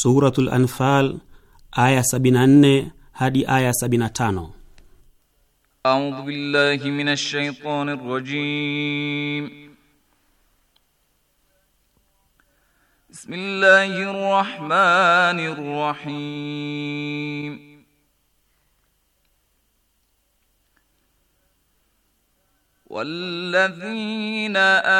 Suratul Anfal aya 74 hadi aya 75. A'udhu billahi minash shaitani rrajim. Bismillahir rahmanir rahim. والذين آ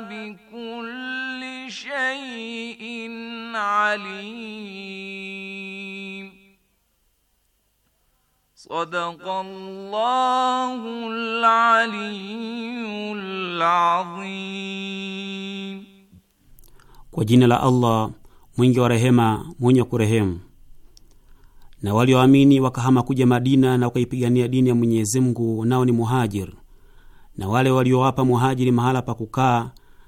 بكل شيء عليم صدق الله العلي العظيم kwa jina la Allah mwingi wa rehema mwenye kurehemu. Na walioamini wa wakahama kuja Madina na wakaipigania dini ya Mwenyezi Mungu, nao ni muhajir, na wale waliowapa wa muhajiri mahala pa kukaa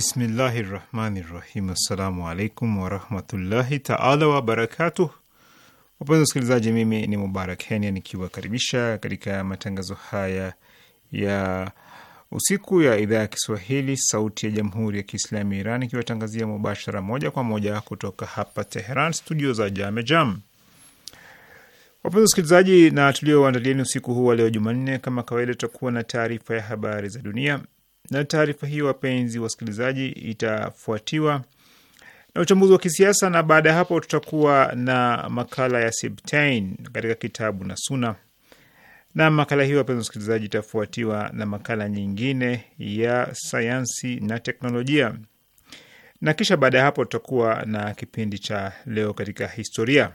Bismillahi rahmani rahim. Assalamu alaikum warahmatullahi taala wabarakatuh. Wapenzi wasikilizaji, mimi ni Mubarak Kenya nikiwakaribisha katika matangazo haya ya usiku ya idhaa ya Kiswahili sauti ya jamhuri ya Kiislamu ya Iran ikiwatangazia mubashara moja kwa moja kutoka hapa Teheran, studio za Jame Jam. Wapenzi wasikilizaji, na tulioandalieni usiku huu wa leo Jumanne, kama kawaida, tutakuwa na taarifa ya habari za dunia na taarifa hiyo, wapenzi wasikilizaji, itafuatiwa na uchambuzi wa kisiasa, na baada ya hapo tutakuwa na makala ya Sibtain katika kitabu na Suna, na makala hiyo, wapenzi wasikilizaji, itafuatiwa na makala nyingine ya sayansi na teknolojia, na kisha baada ya hapo tutakuwa na kipindi cha leo katika historia.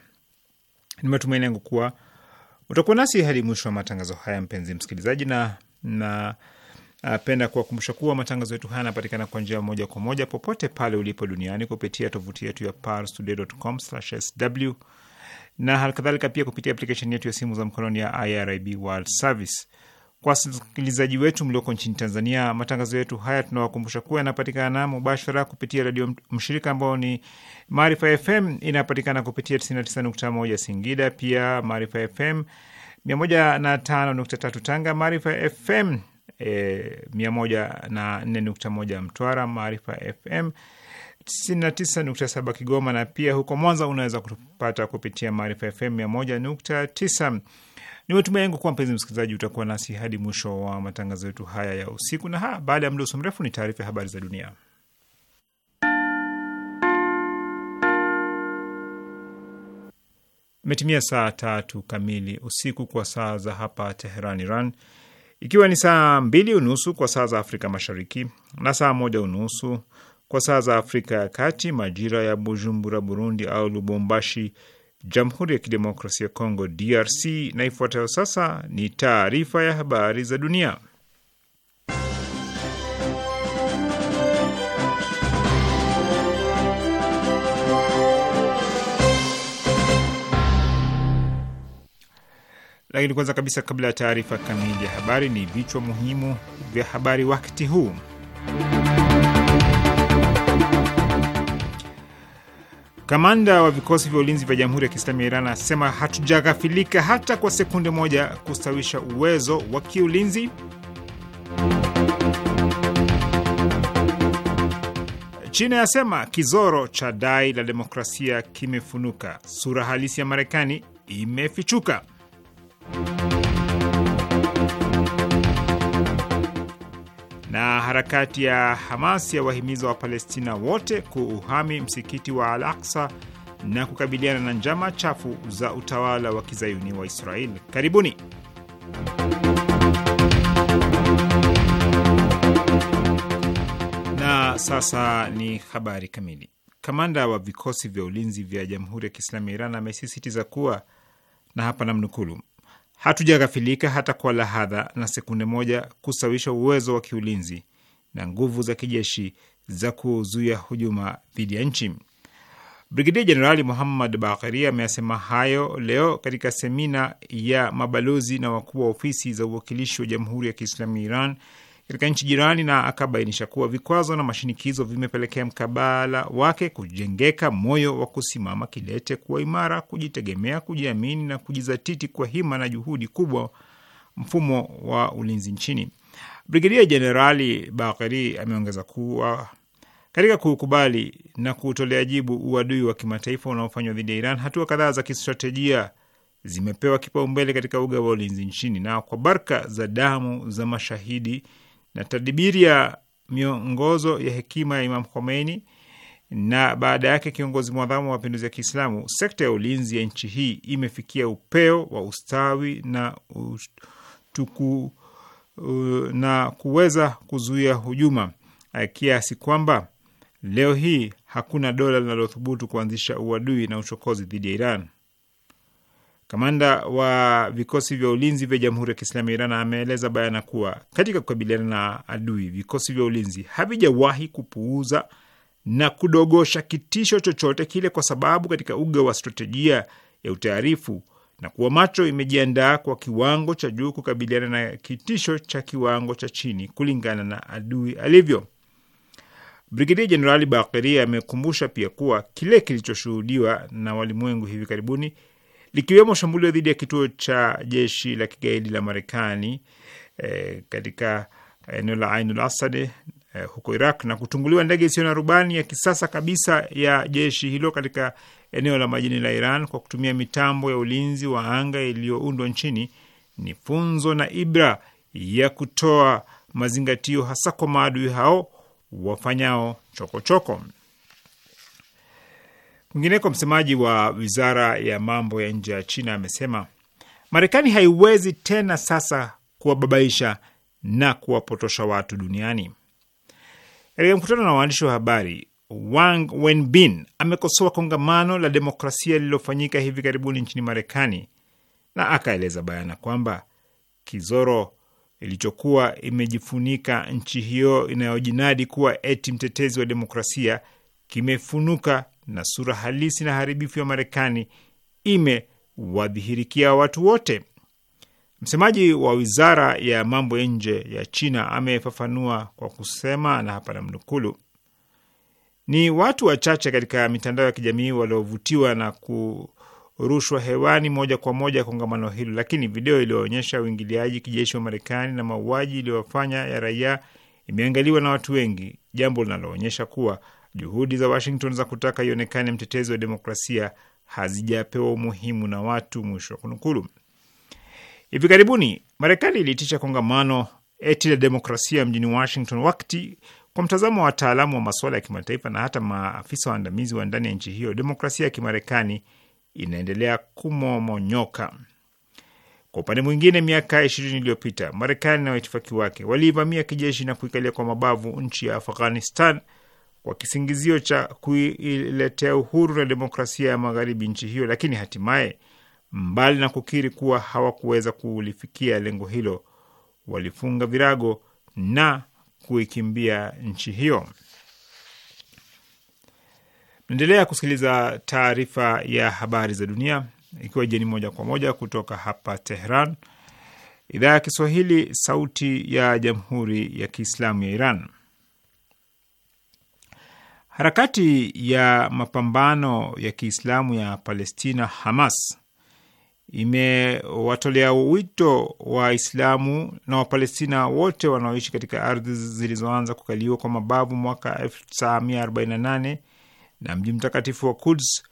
Ni matumaini yangu kuwa utakuwa nasi hadi mwisho wa matangazo haya, mpenzi msikilizaji, na na napenda kuwakumbusha kuwa matangazo yetu haya yanapatikana kwa njia moja kwa moja popote pale ulipo duniani kupitia tovuti yetu ya parstoday.com/sw na halikadhalika pia kupitia aplikesheni yetu ya simu za mkononi ya IRIB World Service. Kwa wasikilizaji wetu mlioko nchini Tanzania, matangazo yetu haya tunawakumbusha kuwa yanapatikana mubashara kupitia redio mshirika ambao ni Maarifa FM, inapatikana kupitia 99.1 Singida, pia Maarifa FM 105.3 Tanga, Maarifa FM mia moja Mtwara, Maarifa FM 997 Kigoma, na pia huko Mwanza unaweza kupata kupitia Maarifa FM mia nukta Ni watumia yangu kuwa mpenzi msikilizaji, utakuwa nasi hadi mwisho wa matangazo yetu haya ya usiku, na baada ya muda usio mrefu ni taarifa ya habari za dunia. Imetimia saa tatu kamili usiku kwa saa za hapa Teheran, Iran ikiwa ni saa mbili unusu kwa saa za Afrika Mashariki na saa moja unusu kwa saa za Afrika ya Kati, majira ya Bujumbura, Burundi, au Lubumbashi, Jamhuri ya Kidemokrasia ya Kongo, DRC. Na ifuatayo sasa ni taarifa ya habari za dunia. Lakini kwanza kabisa, kabla ya taarifa kamili ya habari, ni vichwa muhimu vya habari wakati huu. Kamanda wa vikosi vya ulinzi vya Jamhuri ya Kiislamu ya Iran anasema hatujaghafilika hata kwa sekunde moja kustawisha uwezo wa kiulinzi. China yasema kizoro cha dai la demokrasia kimefunuka, sura halisi ya Marekani imefichuka. Na harakati ya Hamas ya wahimiza wa Palestina wote kuuhami msikiti wa Al Aksa na kukabiliana na njama chafu za utawala wa kizayuni wa Israeli. Karibuni. Na sasa ni habari kamili. Kamanda wa vikosi vya ulinzi vya Jamhuri ya Kiislamu ya Iran amesisitiza kuwa na hapa namnukulu, Hatujaghafilika hata kwa lahadha na sekunde moja kusawisha uwezo wa kiulinzi na nguvu za kijeshi za kuzuia hujuma dhidi ya nchi. Brigedia Jenerali Muhammad Bagheri ameyasema hayo leo katika semina ya mabalozi na wakuu wa ofisi za uwakilishi wa Jamhuri ya Kiislamu ya Iran katika nchi jirani na akabainisha kuwa vikwazo na mashinikizo vimepelekea mkabala wake kujengeka moyo wa kusimama kidete, kuwa imara, kujitegemea, kujiamini na kujizatiti kwa hima na juhudi kubwa mfumo wa ulinzi nchini. Brigedia Jenerali Bakeri ameongeza kuwa katika kukubali na kuutolea jibu uadui wa kimataifa unaofanywa dhidi ya Iran, hatua kadhaa za kistratejia zimepewa kipaumbele katika uga wa ulinzi nchini, na kwa baraka za damu za mashahidi na tadibiri ya miongozo ya hekima ya Imam Khomeini na baada yake kiongozi mwadhamu wa mapinduzi ya Kiislamu, sekta ya ulinzi ya nchi hii imefikia upeo wa ustawi na utuku uh, na kuweza kuzuia hujuma eh, kiasi kwamba leo hii hakuna dola linalothubutu kuanzisha uadui na uchokozi dhidi ya Iran. Kamanda wa vikosi vya ulinzi vya Jamhuri ya Kiislamu ya Iran ameeleza bayana kuwa katika kukabiliana na adui, vikosi vya ulinzi havijawahi kupuuza na kudogosha kitisho chochote kile, kwa sababu katika uga wa stratejia ya utaarifu na kuwa macho imejiandaa kwa kiwango cha juu kukabiliana na kitisho cha kiwango cha chini kulingana na adui alivyo. Brigedia Jenerali Bakeri amekumbusha pia kuwa kile kilichoshuhudiwa na walimwengu hivi karibuni likiwemo shambulio dhidi ya kituo cha jeshi la kigaidi la Marekani e, katika eneo la Ainul Asad e, huko Iraq na kutunguliwa ndege isiyo na rubani ya kisasa kabisa ya jeshi hilo katika eneo la majini la Iran kwa kutumia mitambo ya ulinzi wa anga iliyoundwa nchini ni funzo na ibra ya kutoa mazingatio hasa kwa maadui hao wafanyao chokochoko choko. Mwingineko, msemaji wa wizara ya mambo ya nje ya China amesema Marekani haiwezi tena sasa kuwababaisha na kuwapotosha watu duniani. Katika mkutano na waandishi wa habari, Wang Wenbin amekosoa kongamano la demokrasia lililofanyika hivi karibuni nchini Marekani na akaeleza bayana kwamba kizoro ilichokuwa imejifunika nchi hiyo inayojinadi kuwa eti mtetezi wa demokrasia kimefunuka na sura halisi na haribifu ya Marekani imewadhihirikia watu wote. Msemaji wa wizara ya mambo ya nje ya China amefafanua kwa kusema, na hapa namnukulu: ni watu wachache katika mitandao ya kijamii waliovutiwa na kurushwa hewani moja kwa moja kongamano hilo, lakini video iliyoonyesha uingiliaji kijeshi wa Marekani na mauaji iliyofanya ya raia imeangaliwa na watu wengi, jambo linaloonyesha kuwa Juhudi za Washington za kutaka ionekane mtetezi wa demokrasia hazijapewa umuhimu na watu, mwisho wa kunukulu. Hivi karibuni Marekani iliitisha kongamano eti la demokrasia mjini Washington, wakati kwa mtazamo wa wataalamu wa masuala ya kimataifa na hata maafisa waandamizi wa ndani ya nchi hiyo, demokrasia ya kimarekani inaendelea kumomonyoka. Kwa upande mwingine, miaka ishirini iliyopita Marekani na waitifaki wake waliivamia kijeshi na kuikalia kwa mabavu nchi ya Afghanistan kwa kisingizio cha kuiletea uhuru na demokrasia ya magharibi nchi hiyo, lakini hatimaye, mbali na kukiri kuwa hawakuweza kulifikia lengo hilo, walifunga virago na kuikimbia nchi hiyo. Naendelea kusikiliza taarifa ya habari za dunia, ikiwa jeni moja kwa moja kutoka hapa Tehran, idhaa ya Kiswahili, sauti ya jamhuri ya kiislamu ya Iran. Harakati ya mapambano ya Kiislamu ya Palestina, Hamas, imewatolea wito Waislamu na Wapalestina wote wanaoishi katika ardhi zilizoanza kukaliwa kwa mabavu mwaka 1948 na mji mtakatifu wa Kuds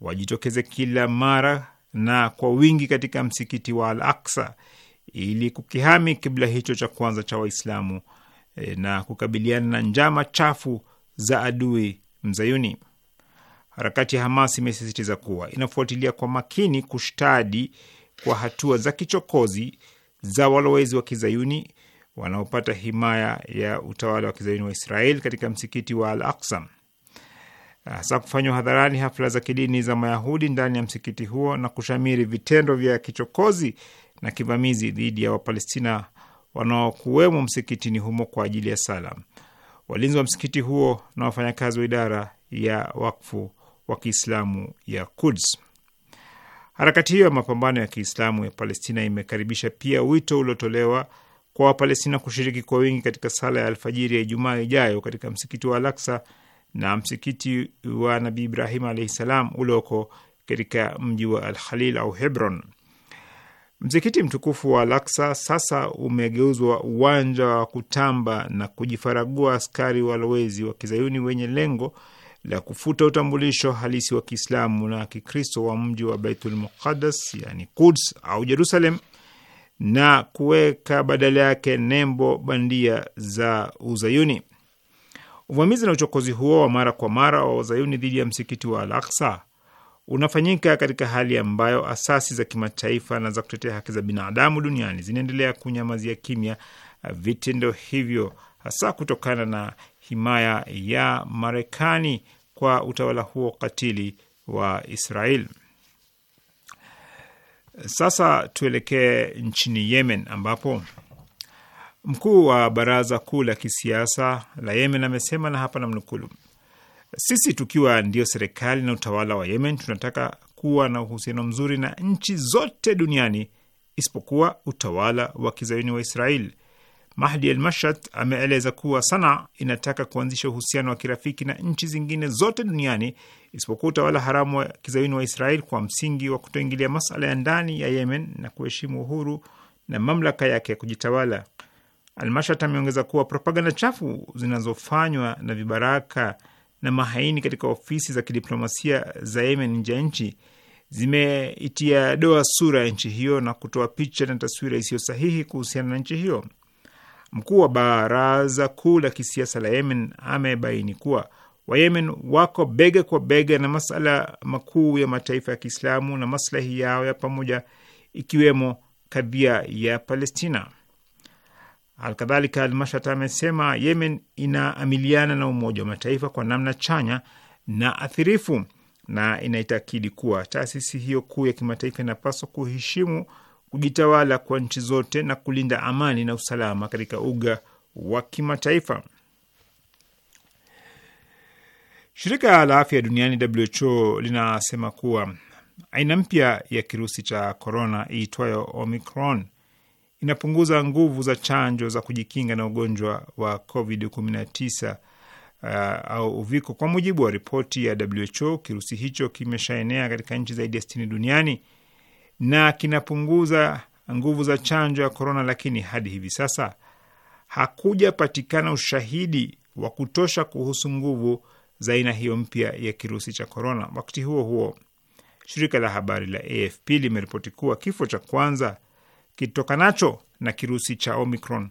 wajitokeze kila mara na kwa wingi katika msikiti wa Al Aksa ili kukihami kibla hicho cha kwanza cha Waislamu eh, na kukabiliana na njama chafu za adui mzayuni. Harakati ya Hamas imesisitiza kuwa inafuatilia kwa makini kushtadi kwa hatua za kichokozi za walowezi wa kizayuni wanaopata himaya ya utawala wa kizayuni wa Israel katika msikiti wa Al Aksa, hasa kufanywa hadharani hafla za kidini za Mayahudi ndani ya msikiti huo na kushamiri vitendo vya kichokozi na kivamizi dhidi ya Wapalestina wanaokuwemo msikitini humo kwa ajili ya sala walinzi wa msikiti huo na wafanyakazi wa idara ya wakfu wa Kiislamu ya Kuds. Harakati hiyo ya mapambano ya Kiislamu ya Palestina imekaribisha pia wito uliotolewa kwa Wapalestina kushiriki kwa wingi katika sala ya alfajiri ya Ijumaa ijayo katika msikiti wa alaksa na msikiti wa Nabii Ibrahim alaihi salam ulioko katika mji wa alhalil au Hebron. Msikiti mtukufu wa Al-Aqsa sasa umegeuzwa uwanja wa kutamba na kujifaragua askari walowezi wa kizayuni wenye lengo la kufuta utambulisho halisi wa Kiislamu na Kikristo wa mji wa Baitul Muqaddas, yani Quds au Jerusalem, na kuweka badala yake nembo bandia za Uzayuni. Uvamizi na uchokozi huo wa mara kwa mara wa Wazayuni dhidi ya msikiti wa Al-Aqsa unafanyika katika hali ambayo asasi za kimataifa na za kutetea haki za binadamu duniani zinaendelea kunyamazia kimya vitendo hivyo, hasa kutokana na himaya ya Marekani kwa utawala huo katili wa Israel. Sasa tuelekee nchini Yemen ambapo mkuu wa baraza kuu la kisiasa la Yemen amesema, na hapa namnukulu sisi tukiwa ndio serikali na utawala wa Yemen, tunataka kuwa na uhusiano mzuri na nchi zote duniani isipokuwa utawala wa kizayuni wa israel Mahdi al Mashat ameeleza kuwa sana inataka kuanzisha uhusiano wa kirafiki na nchi zingine zote duniani isipokuwa utawala haramu wa kizayuni wa Israel kwa msingi wa kutoingilia masala ya ndani ya Yemen na kuheshimu uhuru na mamlaka yake ya kujitawala. almashat ameongeza kuwa propaganda chafu zinazofanywa na vibaraka na mahaini katika ofisi za kidiplomasia za Yemen nje ya nchi zimeitia doa sura ya nchi hiyo na kutoa picha na taswira isiyo sahihi kuhusiana na nchi hiyo. Mkuu wa baraza kuu la kisiasa la Yemen amebaini kuwa Wayemen wako bega kwa bega na masala makuu ya mataifa ya Kiislamu na maslahi yao ya pamoja, ikiwemo kadhia ya Palestina. Alkadhalika, Almashat amesema Yemen inaamiliana na Umoja wa Mataifa kwa namna chanya na athirifu na inaitakidi kuwa taasisi hiyo kuu ya kimataifa inapaswa kuheshimu kujitawala kwa nchi zote na kulinda amani na usalama katika uga wa kimataifa. Shirika la afya duniani WHO linasema kuwa aina mpya ya kirusi cha korona iitwayo Omicron inapunguza nguvu za chanjo za kujikinga na ugonjwa wa COVID-19 uh, au uviko. Kwa mujibu wa ripoti ya WHO, kirusi hicho kimeshaenea katika nchi zaidi ya stini duniani na kinapunguza nguvu za chanjo ya korona, lakini hadi hivi sasa hakujapatikana ushahidi wa kutosha kuhusu nguvu za aina hiyo mpya ya kirusi cha korona. Wakati huo huo, shirika la habari la AFP limeripoti kuwa kifo cha kwanza kitokanacho na kirusi cha Omicron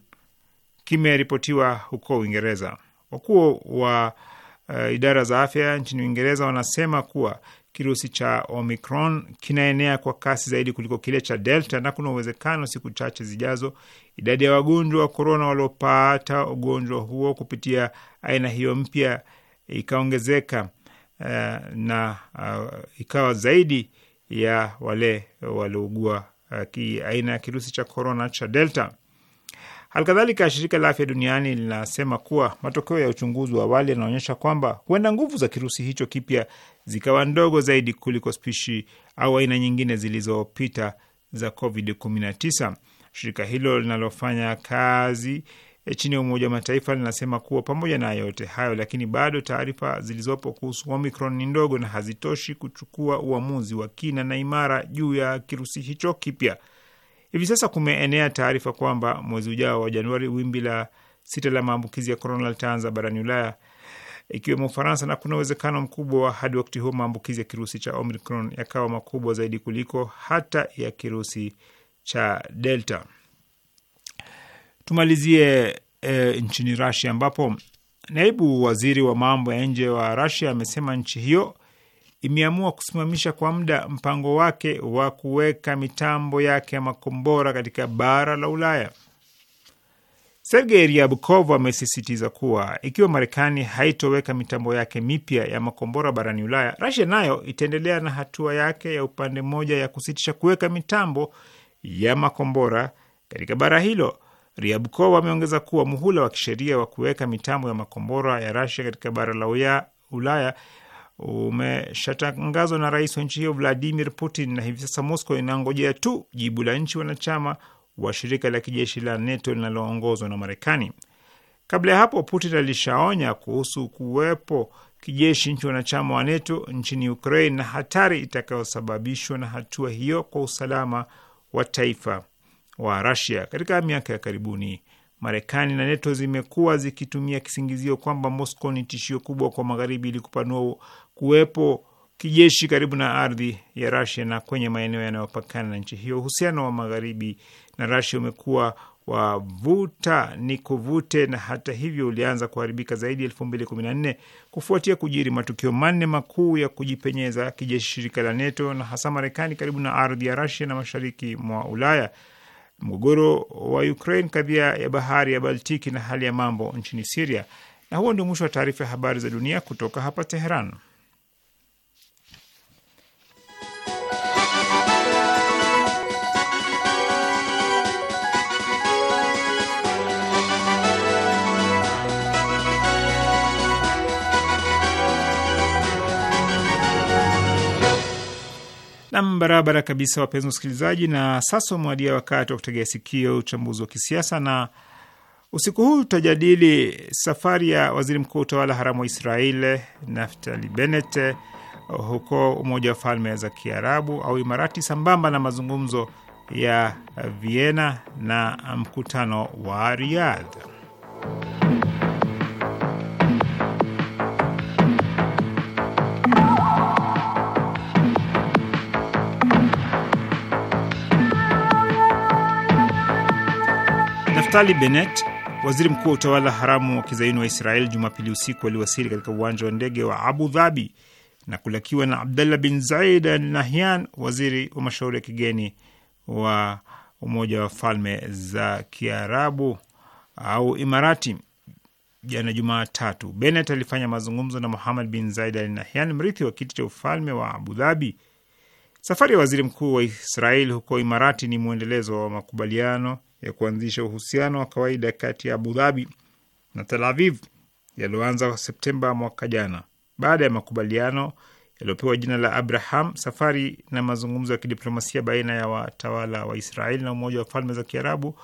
kimeripotiwa huko Uingereza. Wakuu wa uh, idara za afya nchini Uingereza wanasema kuwa kirusi cha Omicron kinaenea kwa kasi zaidi kuliko kile cha Delta na kuna uwezekano siku chache zijazo idadi ya wagonjwa wa korona waliopata ugonjwa huo kupitia aina hiyo mpya ikaongezeka uh, na uh, ikawa zaidi ya wale waliougua Eh, aina ya kirusi cha korona cha Delta. Halikadhalika, shirika la afya duniani linasema kuwa matokeo ya uchunguzi wa awali yanaonyesha kwamba huenda nguvu za kirusi hicho kipya zikawa ndogo zaidi kuliko spishi au aina nyingine zilizopita za COVID-19. Shirika hilo linalofanya kazi E, chini ya Umoja wa Mataifa linasema kuwa pamoja na yote hayo, lakini bado taarifa zilizopo kuhusu Omicron ni ndogo na hazitoshi kuchukua uamuzi wa kina na imara juu ya kirusi hicho kipya. Hivi sasa kumeenea taarifa kwamba mwezi ujao wa Januari wimbi la sita la maambukizi ya korona litaanza barani Ulaya ikiwemo Ufaransa, na kuna uwezekano mkubwa wa hadi wakati huo maambukizi ya kirusi cha Omicron yakawa makubwa zaidi kuliko hata ya kirusi cha Delta. Tumalizie e, nchini Rasia ambapo naibu waziri wa mambo ya nje wa Rasia amesema nchi hiyo imeamua kusimamisha kwa muda mpango wake wa kuweka mitambo yake ya makombora katika bara la Ulaya. Sergei Ryabkov amesisitiza kuwa ikiwa Marekani haitoweka mitambo yake mipya ya makombora barani Ulaya, Rasia nayo itaendelea na hatua yake ya upande mmoja ya kusitisha kuweka mitambo ya makombora katika bara hilo. Ryabkov ameongeza kuwa muhula wa kisheria wa kuweka mitambo ya makombora ya Rasia katika bara la Ulaya umeshatangazwa na rais wa nchi hiyo Vladimir Putin, na hivi sasa Moscow inangojea tu jibu la nchi wanachama wa shirika la kijeshi la NATO linaloongozwa na Marekani. Kabla ya hapo, Putin alishaonya kuhusu kuwepo kijeshi nchi wanachama wa NATO nchini Ukraine na hatari itakayosababishwa na hatua hiyo kwa usalama wa taifa wa Rasia. Katika miaka ya karibuni, Marekani na NATO zimekuwa zikitumia kisingizio kwamba Moscow ni tishio kubwa kwa magharibi ili kupanua kuwepo kijeshi karibu na ardhi ya Rasia na kwenye maeneo yanayopakana na nchi hiyo. Uhusiano wa magharibi na Rasia umekuwa wavuta ni kuvute, na hata hivyo ulianza kuharibika zaidi elfu mbili kumi na nne kufuatia kujiri matukio manne makuu ya kujipenyeza kijeshi shirika la NATO na hasa Marekani karibu na ardhi ya Rasia na mashariki mwa Ulaya mgogoro wa Ukraine, kadhia ya bahari ya Baltiki na hali ya mambo nchini Siria. Na huo ndio mwisho wa taarifa ya habari za dunia kutoka hapa Teheran. Nam, barabara kabisa, wapenzi wasikilizaji, na sasa umewadia wakati wa kutegea sikio uchambuzi wa kisiasa, na usiku huu tutajadili safari ya waziri mkuu wa utawala haramu wa Israel Naftali Bennett huko Umoja wa Falme za Kiarabu au Imarati, sambamba na mazungumzo ya Vienna na mkutano wa Riyadh. Naftali Bennett, waziri mkuu wa utawala haramu wa kizaini wa Israel, Jumapili usiku aliwasili katika uwanja wa ndege wa Abu Dhabi na kulakiwa na Abdallah bin Zaid Al Nahyan, waziri wa mashauri ya kigeni wa Umoja wa Falme za Kiarabu au Imarati jana Jumatatu. benet alifanya mazungumzo na Muhammad bin Zaid Al Nahyan, mrithi wa kiti cha ufalme wa Abu Dhabi. Safari ya waziri mkuu wa Israel huko Imarati ni mwendelezo wa makubaliano ya kuanzisha uhusiano wa kawaida kati ya Abu Dhabi na Tel Aviv yaliyoanza Septemba mwaka jana. Baada ya makubaliano yaliyopewa jina la Abraham, safari na mazungumzo ya kidiplomasia baina ya watawala wa Israeli na Umoja wa Falme za Kiarabu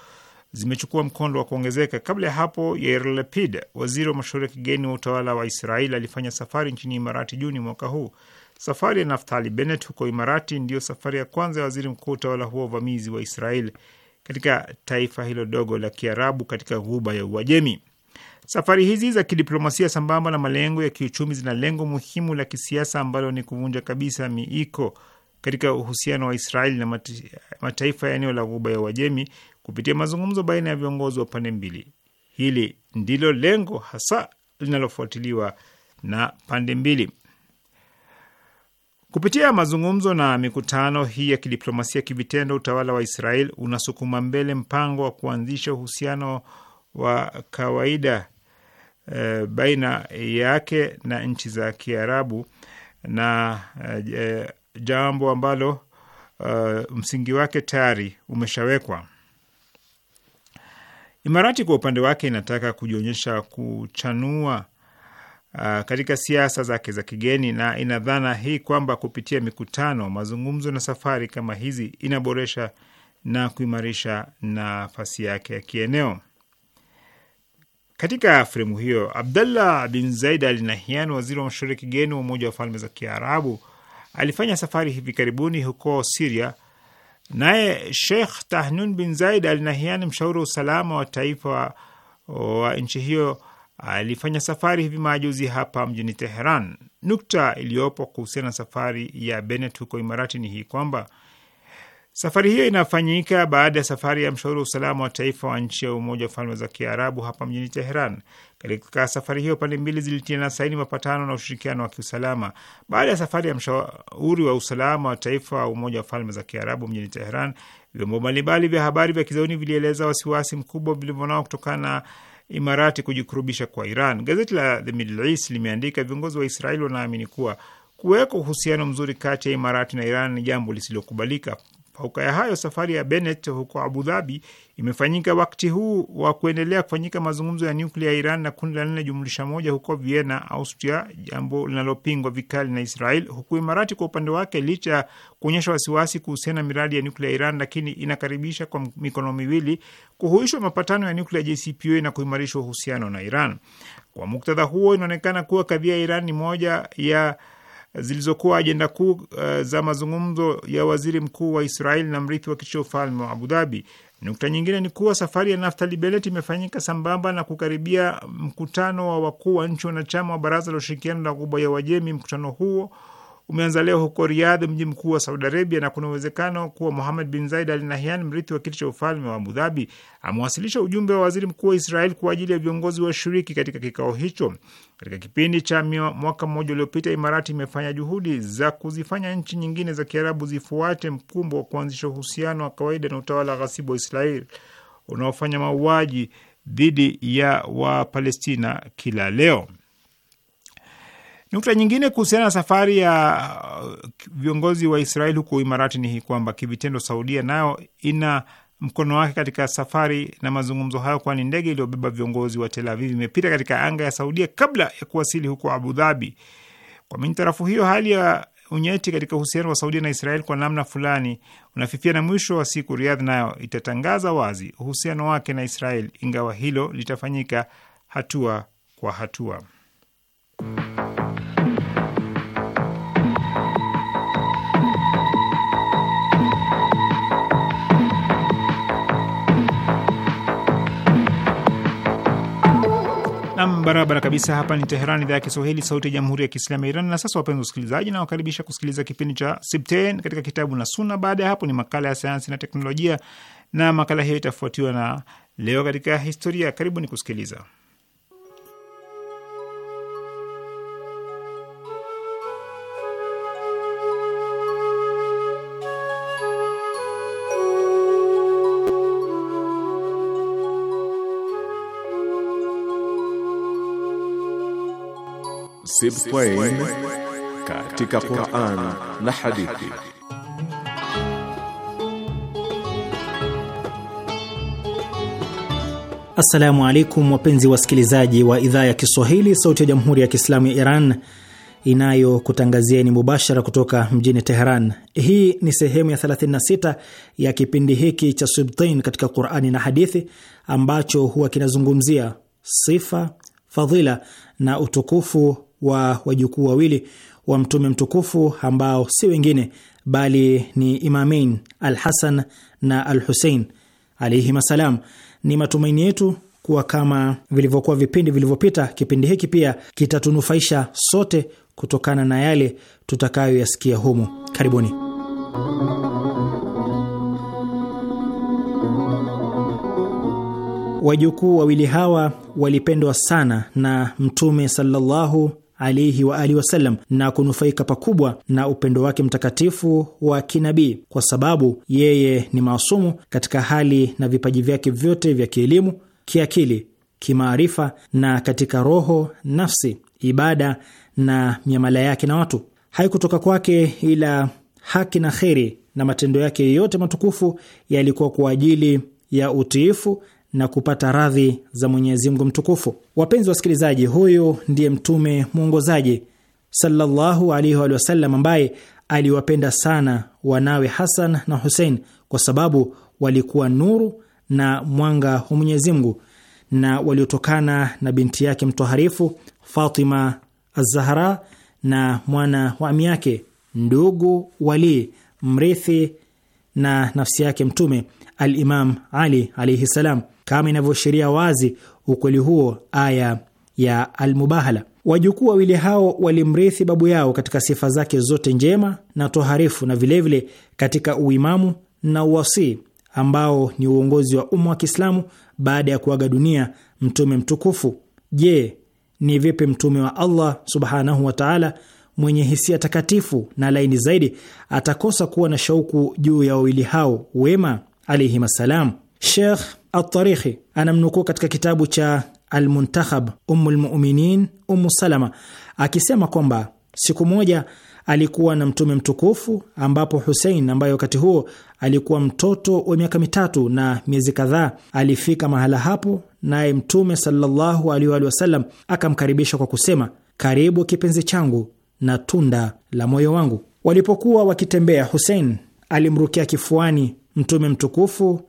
zimechukua mkondo wa kuongezeka. Kabla ya hapo, Yair Lapid, waziri wa mashauri ya kigeni wa utawala wa Israeli, alifanya safari nchini Imarati Juni mwaka huu. Safari ya Naftali Bennett huko Imarati ndiyo safari ya kwanza ya waziri mkuu utawala huo uvamizi wa Israeli katika taifa hilo dogo la Kiarabu katika ghuba ya Uajemi. Safari hizi za kidiplomasia sambamba na malengo ya kiuchumi zina lengo muhimu la kisiasa ambalo ni kuvunja kabisa miiko katika uhusiano wa Israeli na mataifa ya eneo la ghuba ya Uajemi kupitia mazungumzo baina ya viongozi wa pande mbili. Hili ndilo lengo hasa linalofuatiliwa na pande mbili. Kupitia mazungumzo na mikutano hii ya kidiplomasia kivitendo, utawala wa Israel unasukuma mbele mpango wa kuanzisha uhusiano wa kawaida e, baina yake na nchi za Kiarabu na e, jambo ambalo e, msingi wake tayari umeshawekwa. Imarati kwa upande wake inataka kujionyesha kuchanua uh, katika siasa zake za kigeni na ina dhana hii kwamba kupitia mikutano, mazungumzo na safari kama hizi inaboresha na kuimarisha nafasi yake ya kieneo. Katika fremu hiyo, Abdallah bin Zaid Al Nahyan, waziri wa mashauri ya kigeni wa Umoja wa Falme za Kiarabu, alifanya safari hivi karibuni huko Siria. Naye Sheikh Tahnun bin Zaid Al Nahyan, mshauri wa usalama wa taifa wa nchi hiyo, alifanya safari hivi majuzi hapa mjini Teheran. Nukta iliyopo kuhusiana na safari ya Bennett huko Imarati ni hii kwamba safari hiyo inafanyika baada ya safari ya mshauri wa usalama wa taifa wa nchi ya Umoja wa Falme za Kiarabu hapa mjini Teheran. Katika safari hiyo, pande mbili zilitiana saini mapatano na ushirikiano wa kiusalama. Baada ya safari ya mshauri wa usalama wa taifa wa Umoja wa Falme za Kiarabu mjini Teheran, vyombo mbalimbali vya habari vya kizayuni vilieleza wasiwasi mkubwa vilivyonao kutokana na Imarati kujikurubisha kwa Iran. Gazeti la The Middle East limeandika viongozi wa Israeli wanaamini kuwa kuweka uhusiano mzuri kati ya Imarati na Iran ni jambo lisilokubalika. Fauka ya hayo, safari ya Bennett huko Abu Dhabi imefanyika wakati huu wa kuendelea kufanyika mazungumzo ya nyuklia ya Iran na kundi la nne jumlisha moja huko Vienna, Austria, jambo linalopingwa vikali na Israel, huku Imarati kwa upande wake, licha ya kuonyesha wasiwasi kuhusiana na miradi ya nyuklia ya Iran, lakini inakaribisha kwa mikono miwili kuhuishwa mapatano ya nyuklia JCPOA na kuimarisha uhusiano na Iran. Kwa muktadha huo, inaonekana kuwa kadhia ya Iran ni moja ya zilizokuwa ajenda kuu uh, za mazungumzo ya waziri mkuu wa Israeli na mrithi wa kiti ufalme wa Abu Dhabi. Nukta nyingine ni kuwa safari ya Naftali Bennett imefanyika sambamba na kukaribia mkutano wa wakuu wa nchi wanachama wa Baraza la Ushirikiano la Ghuba ya Uajemi. Mkutano huo umeanza leo huko Riyadh, mji mkuu wa Saudi Arabia, na kuna uwezekano kuwa Mohamed bin Zaid Al Nahyan, mrithi wa kiti cha ufalme wa Abu Dhabi, amewasilisha ujumbe wa waziri mkuu wa Israel kwa ajili ya viongozi washiriki katika kikao hicho. Katika kipindi cha mwaka mmoja uliopita, Imarati imefanya juhudi za kuzifanya nchi nyingine za Kiarabu zifuate mkumbo wa kuanzisha uhusiano wa kawaida na utawala ghasibu wa Israel unaofanya mauaji dhidi ya Wapalestina kila leo. Nukta nyingine kuhusiana na safari ya uh, viongozi wa Israeli huko Imarati ni hii kwamba kivitendo, Saudia nayo ina mkono wake katika safari na mazungumzo hayo, kwani ndege iliyobeba viongozi wa Tel Aviv imepita katika anga ya Saudia kabla ya kuwasili huko Abu Dhabi. Kwa mintarafu hiyo, hali ya unyeti katika uhusiano wa Saudia na Israeli kwa namna fulani unafifia, na mwisho wa siku Riadh nayo itatangaza wazi uhusiano wake na Israeli, ingawa hilo litafanyika hatua kwa hatua. Nam, barabara kabisa. Hapa ni Teheran, idhaa ya Kiswahili, sauti ya jamhuri ya kiislamu ya Iran. Na sasa, wapenzi wasikilizaji, nawakaribisha kusikiliza kipindi cha Sipten katika kitabu na Suna. Baada ya hapo ni makala ya sayansi na teknolojia, na makala hiyo itafuatiwa na leo katika historia. Karibuni kusikiliza. Sibtain katika Qur'an na hadithi. Assalamu alaikum wapenzi wasikilizaji wa idhaa ya Kiswahili sauti ya Jamhuri ya Kiislamu ya Iran inayokutangazieni mubashara kutoka mjini Teheran. Hii ni sehemu ya 36 ya kipindi hiki cha Sibtain katika Qur'ani na hadithi ambacho huwa kinazungumzia sifa, fadhila na utukufu wa wajukuu wawili wa mtume mtukufu ambao si wengine bali ni Imamain al Hasan na al Husein alaihim assalam. Ni matumaini yetu kuwa kama vilivyokuwa vipindi vilivyopita, kipindi hiki pia kitatunufaisha sote kutokana na yale tutakayoyasikia humo. Karibuni. Wajukuu wawili hawa walipendwa sana na Mtume sallallahu alaihi wa alihi wasallam na kunufaika pakubwa na upendo wake mtakatifu wa kinabii, kwa sababu yeye ni maasumu katika hali na vipaji vyake vyote vya kielimu, kiakili, kimaarifa na katika roho, nafsi, ibada na miamala yake na watu. Haikutoka kwake ila haki na kheri, na matendo yake yote matukufu yalikuwa kwa ajili ya utiifu na kupata radhi za Mwenyezi Mungu mtukufu. Wapenzi wasikilizaji, huyu ndiye mtume mwongozaji sallallahu alaihi wa sallam ambaye aliwapenda sana wanawe Hasan na Husein kwa sababu walikuwa nuru na mwanga wa Mwenyezi Mungu na waliotokana na binti yake mtoharifu Fatima Azahara zahra na mwana wa ami yake ndugu Walii mrithi na nafsi yake mtume alimam Ali alaihi salam kama inavyoashiria wazi ukweli huo aya ya Almubahala. Wajukuu wawili hao walimrithi babu yao katika sifa zake zote njema na toharifu, na vilevile vile katika uimamu na uwasii ambao ni uongozi wa umma wa Kiislamu baada ya kuaga dunia mtume mtukufu. Je, ni vipi mtume wa Allah subhanahu wa taala mwenye hisia takatifu na laini zaidi atakosa kuwa na shauku juu ya wawili hao wema alaihim assalam? Sheikh at anamnukuu katika kitabu cha almuntakhab muntakhab Ummu lmuminin Ummu Salama akisema kwamba siku moja alikuwa na Mtume mtukufu ambapo Husein ambaye wakati huo alikuwa mtoto wa miaka mitatu na miezi kadhaa alifika mahala hapo, naye Mtume sallallahu alaihi wasallam akamkaribisha kwa kusema, karibu kipenzi changu na tunda la moyo wangu. Walipokuwa wakitembea, Husein alimrukia kifuani Mtume mtukufu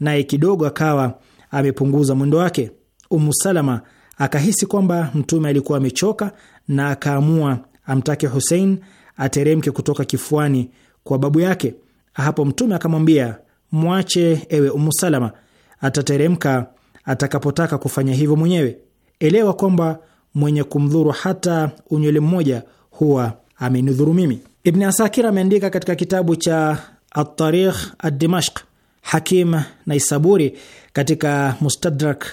naye kidogo akawa amepunguza mwendo wake. Umu Salama akahisi kwamba Mtume alikuwa amechoka na akaamua amtake Husein ateremke kutoka kifuani kwa babu yake. Hapo Mtume akamwambia, mwache ewe Umu Salama, atateremka atakapotaka kufanya hivyo mwenyewe. Elewa kwamba mwenye kumdhuru hata unywele mmoja huwa amenidhuru mimi. Ibni Asakir ameandika katika kitabu cha Atarikh Adimashk Hakim Naisaburi katika Mustadrak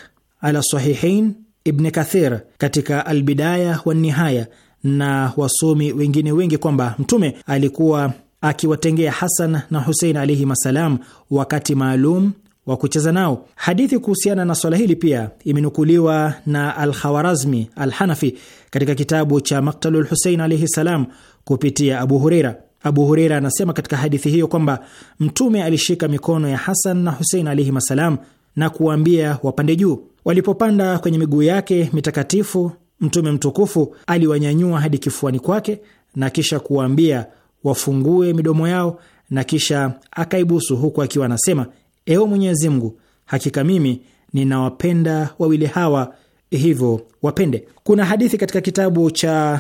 ala Sahihain, Ibn Kathir katika Albidaya wa Nihaya na wasomi wengine wengi kwamba Mtume alikuwa akiwatengea Hasan na Husein alaihim assalam wakati maalum wa kucheza nao. Hadithi kuhusiana na swala hili pia imenukuliwa na Alkhawarazmi Alhanafi katika kitabu cha Maktalu lhusein alaihi ssalam kupitia Abu Hureira. Abu hureira anasema katika hadithi hiyo kwamba Mtume alishika mikono ya Hasan na Husein alaihim assalam na kuwaambia wapande juu. Walipopanda kwenye miguu yake mitakatifu, Mtume mtukufu aliwanyanyua hadi kifuani kwake na kisha kuwaambia wafungue midomo yao, na kisha akaibusu, huku akiwa anasema: ewe Mwenyezi Mungu, hakika mimi ninawapenda wawili hawa, hivyo wapende. Kuna hadithi katika kitabu cha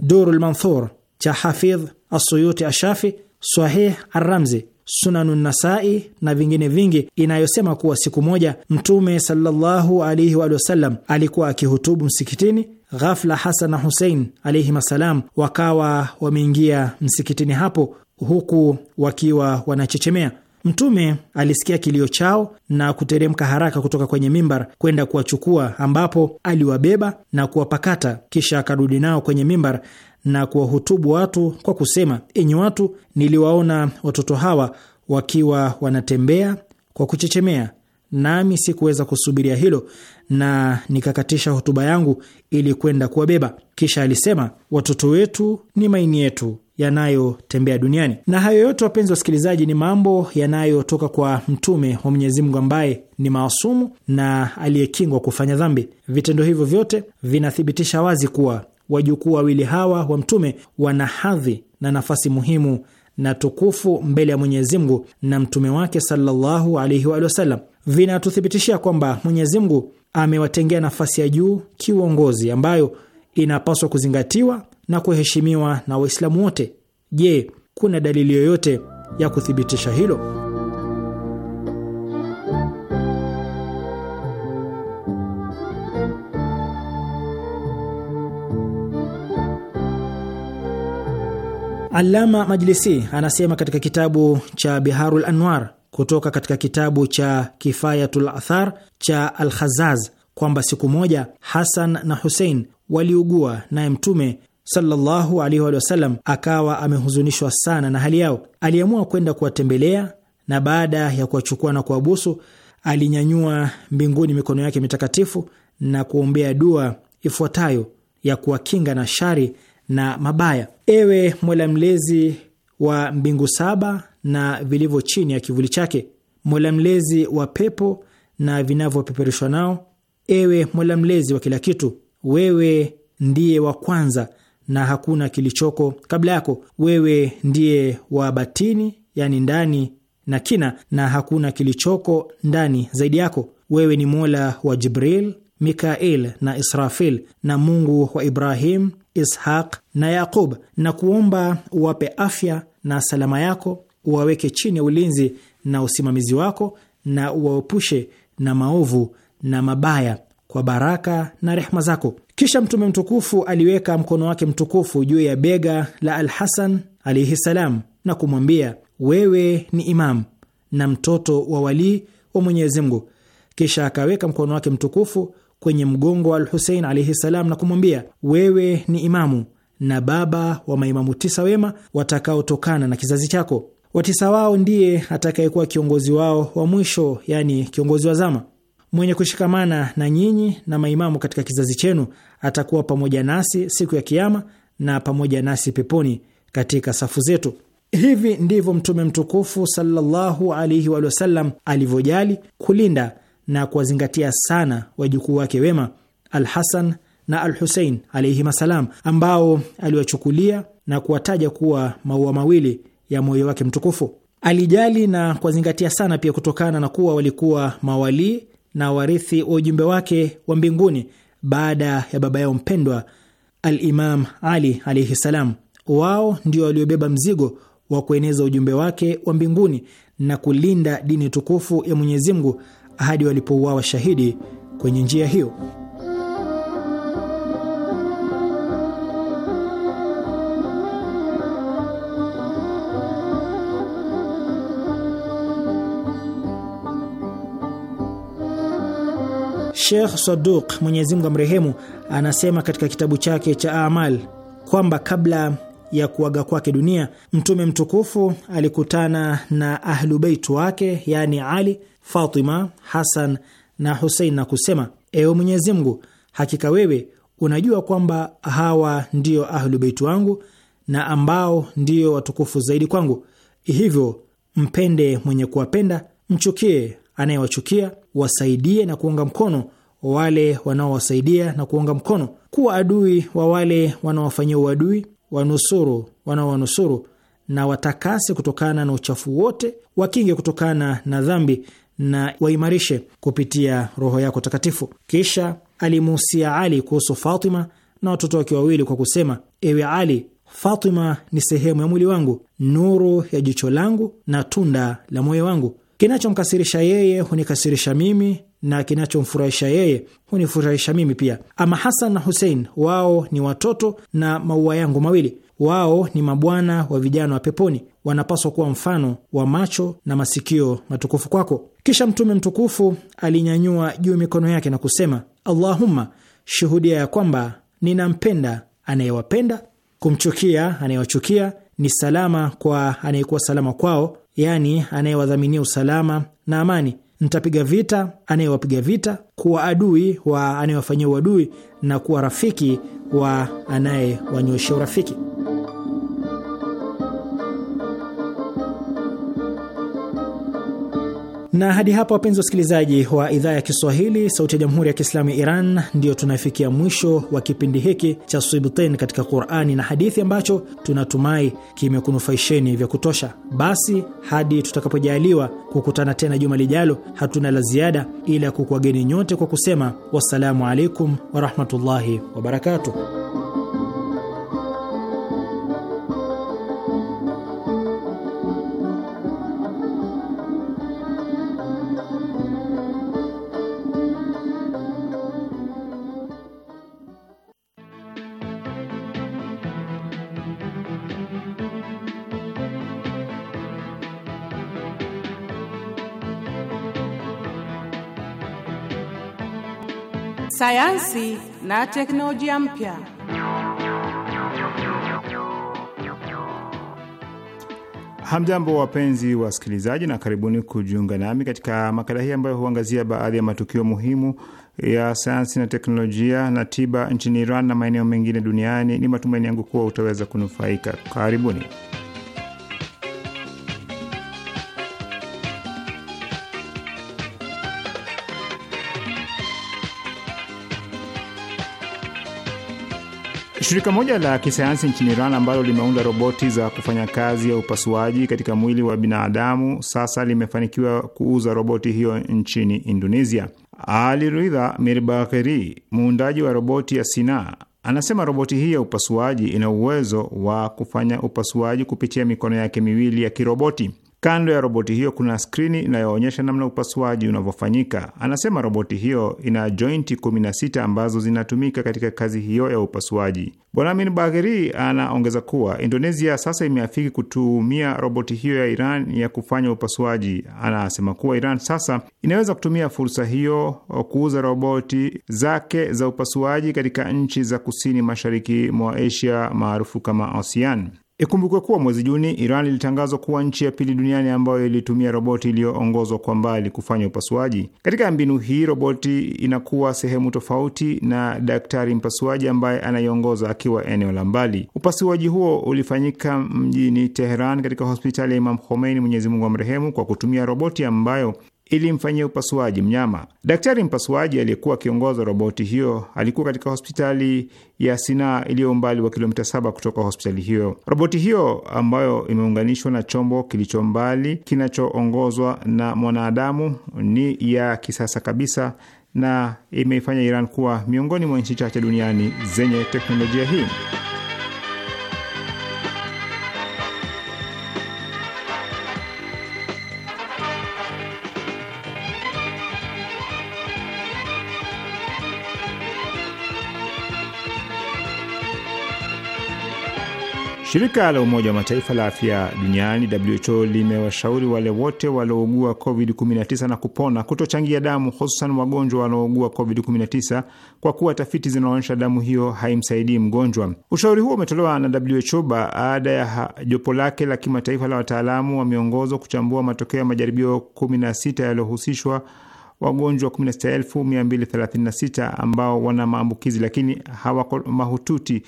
Durul Manthur cha Hafidh Asuyuti Ashafi, Swahih Arramzi, Sunanu Nasai na vingine vingi, inayosema kuwa siku moja Mtume sallallahu alaihi wa sallam alikuwa akihutubu msikitini. Ghafla Hasan na Husein alaihim assalam wakawa wameingia msikitini hapo huku wakiwa wanachechemea. Mtume alisikia kilio chao na kuteremka haraka kutoka kwenye mimbar kwenda kuwachukua, ambapo aliwabeba na kuwapakata, kisha akarudi nao kwenye mimbar na kuwahutubu watu kwa kusema, enyi watu, niliwaona watoto hawa wakiwa wanatembea kwa kuchechemea, nami sikuweza kusubiria hilo, na nikakatisha hotuba yangu ili kwenda kuwabeba. Kisha alisema, watoto wetu ni maini yetu yanayotembea duniani. Na hayo yote, wapenzi wasikilizaji, ni mambo yanayotoka kwa mtume wa Mwenyezi Mungu ambaye ni maasumu na aliyekingwa kufanya dhambi. Vitendo hivyo vyote vinathibitisha wazi kuwa wajukuu wawili hawa wa Mtume wana hadhi na nafasi muhimu na tukufu mbele ya Mwenyezi Mungu na mtume wake sallallahu alaihi wa sallam. Vinatuthibitishia kwamba Mwenyezi Mungu amewatengea nafasi ya juu kiuongozi ambayo inapaswa kuzingatiwa na kuheshimiwa na Waislamu wote. Je, kuna dalili yoyote ya kuthibitisha hilo? alama Majlisi anasema katika kitabu cha Biharul Anwar kutoka katika kitabu cha Kifayatul Athar cha Al-Khazaz kwamba siku moja Hasan na Husein waliugua, naye Mtume sallallahu alaihi wa sallam akawa amehuzunishwa sana na hali yao. Aliamua kwenda kuwatembelea, na baada ya kuwachukua na kuwabusu, alinyanyua mbinguni mikono yake mitakatifu na kuombea dua ifuatayo ya kuwakinga na shari na mabaya. Ewe Mola mlezi wa mbingu saba na vilivyo chini ya kivuli chake, Mola mlezi wa pepo na vinavyopeperushwa nao, ewe Mola mlezi wa kila kitu, wewe ndiye wa kwanza na hakuna kilichoko kabla yako. Wewe ndiye wa batini, yani ndani na kina, na hakuna kilichoko ndani zaidi yako. Wewe ni Mola wa Jibril Mikael na Israfil na Mungu wa Ibrahim, Ishaq na Yaqub, na kuomba uwape afya na salama yako, uwaweke chini ya ulinzi na usimamizi wako, na uwaepushe na maovu na mabaya kwa baraka na rehma zako. Kisha Mtume mtukufu aliweka mkono wake mtukufu juu ya bega la alhasan alaihi salam na kumwambia, wewe ni imamu na mtoto wa walii wa Mwenyezi Mungu. Kisha akaweka mkono wake mtukufu kwenye mgongo wa alhusein alaihi salam na kumwambia, wewe ni imamu na baba wa maimamu tisa wema watakaotokana na kizazi chako. Watisa wao ndiye atakayekuwa kiongozi wao wa mwisho, yani kiongozi wa zama. Mwenye kushikamana na nyinyi na maimamu katika kizazi chenu atakuwa pamoja nasi siku ya Kiama na pamoja nasi peponi katika safu zetu. Hivi ndivyo Mtume mtukufu sallallahu alaihi wa sallam alivyojali kulinda na kuwazingatia sana wajukuu wake wema alhasan na Al Husein alaihim assalam, ambao aliwachukulia na kuwataja kuwa maua mawili ya moyo wake mtukufu. Alijali na kuwazingatia sana pia kutokana na kuwa walikuwa mawalii na warithi wa ujumbe wake wa mbinguni baada ya baba yao mpendwa alimam Ali alaihi salam. Wao ndio waliobeba mzigo wa kueneza ujumbe wake wa mbinguni na kulinda dini tukufu ya Mwenyezi Mungu hadi walipouawa shahidi kwenye njia hiyo. Sheikh Saduq Mwenyezi Mungu amrehemu, anasema katika kitabu chake cha Amal kwamba kabla ya kuaga kwake dunia, Mtume mtukufu alikutana na Ahlubeit wake, yaani Ali Fatima, Hasan na Husein na kusema, ewe Mwenyezi Mungu, hakika wewe unajua kwamba hawa ndio ahlu beiti wangu na ambao ndio watukufu zaidi kwangu, hivyo mpende mwenye kuwapenda, mchukie anayewachukia, wasaidie na kuunga mkono wale wanaowasaidia na kuunga mkono, kuwa adui wa wale wanaowafanyia uadui, wanusuru wanaowanusuru, na watakase kutokana na uchafu wote, wakinge kutokana na dhambi na waimarishe kupitia Roho yako takatifu. Kisha alimuhusia Ali kuhusu Fatima na watoto wake wawili kwa kusema, ewe Ali, Fatima ni sehemu ya mwili wangu, nuru ya jicho langu na tunda la moyo wangu. Kinachomkasirisha yeye hunikasirisha mimi na kinachomfurahisha yeye hunifurahisha mimi pia. Ama Hasan na Husein, wao ni watoto na maua yangu mawili. Wao ni mabwana wa vijana wa peponi, wanapaswa kuwa mfano wa macho na masikio matukufu kwako. Kisha Mtume mtukufu alinyanyua juu mikono yake na kusema, Allahumma, shuhudia ya kwamba ninampenda anayewapenda, kumchukia anayewachukia, ni salama kwa anayekuwa salama kwao, yaani anayewadhaminia usalama na amani ntapiga vita anayewapiga vita, kuwa adui wa anayewafanyia uadui, na kuwa rafiki wa anayewanyoshea urafiki. Na hadi hapa, wapenzi wasikilizaji wa idhaa ya Kiswahili, Sauti ya Jamhuri ya Kiislamu ya Iran, ndiyo tunafikia mwisho wa kipindi hiki cha Swibtain katika Qurani na Hadithi, ambacho tunatumai kimekunufaisheni vya kutosha. Basi hadi tutakapojaaliwa kukutana tena juma lijalo, hatuna la ziada ila kukuwageni nyote kwa kusema wassalamu alaikum warahmatullahi wabarakatuh. sayansi na teknolojia mpya. Hamjambo, wapenzi wasikilizaji, na karibuni kujiunga nami katika makala hii ambayo huangazia baadhi ya matukio muhimu ya sayansi na teknolojia na tiba nchini Iran na maeneo mengine duniani. Ni matumaini yangu kuwa utaweza kunufaika. Karibuni. Shirika moja la kisayansi nchini Iran ambalo limeunda roboti za kufanya kazi ya upasuaji katika mwili wa binadamu sasa limefanikiwa kuuza roboti hiyo nchini Indonesia. Ali Ridha Mirbagheri, muundaji wa roboti ya Sina, anasema roboti hii ya upasuaji ina uwezo wa kufanya upasuaji kupitia mikono yake miwili ya kiroboti. Kando ya roboti hiyo kuna skrini inayoonyesha namna upasuaji unavyofanyika. Anasema roboti hiyo ina jointi 16 ambazo zinatumika katika kazi hiyo ya upasuaji. Bwana Amin Bagheri anaongeza kuwa Indonesia sasa imeafiki kutumia roboti hiyo ya Iran ya kufanya upasuaji. Anasema kuwa Iran sasa inaweza kutumia fursa hiyo kuuza roboti zake za upasuaji katika nchi za kusini mashariki mwa Asia maarufu kama ASEAN. Ikumbukwe kuwa mwezi Juni Iran ilitangazwa kuwa nchi ya pili duniani ambayo ilitumia roboti iliyoongozwa kwa mbali kufanya upasuaji. Katika mbinu hii, roboti inakuwa sehemu tofauti na daktari mpasuaji ambaye anaiongoza akiwa eneo la mbali. Upasuaji huo ulifanyika mjini Teheran katika hospitali ya Imam Khomeini, Mwenyezi Mungu amrehemu, kwa kutumia roboti ambayo ilimfanyia upasuaji mnyama. Daktari mpasuaji aliyekuwa akiongoza roboti hiyo alikuwa katika hospitali ya Sinaa iliyo umbali wa kilomita saba kutoka hospitali hiyo. Roboti hiyo ambayo imeunganishwa na chombo kilicho mbali kinachoongozwa na mwanadamu ni ya kisasa kabisa na imeifanya Iran kuwa miongoni mwa nchi chache duniani zenye teknolojia hii. Shirika la Umoja wa Mataifa la afya duniani WHO limewashauri wale wote waliougua COVID-19 na kupona kutochangia damu, hususan wagonjwa wanaougua COVID-19 kwa kuwa tafiti zinaonyesha damu hiyo haimsaidii mgonjwa. Ushauri huo umetolewa na WHO baada ya jopo lake la kimataifa la wataalamu wa miongozo kuchambua matokeo ya majaribio 16 yaliyohusishwa wagonjwa 16236 ambao wana maambukizi lakini hawako mahututi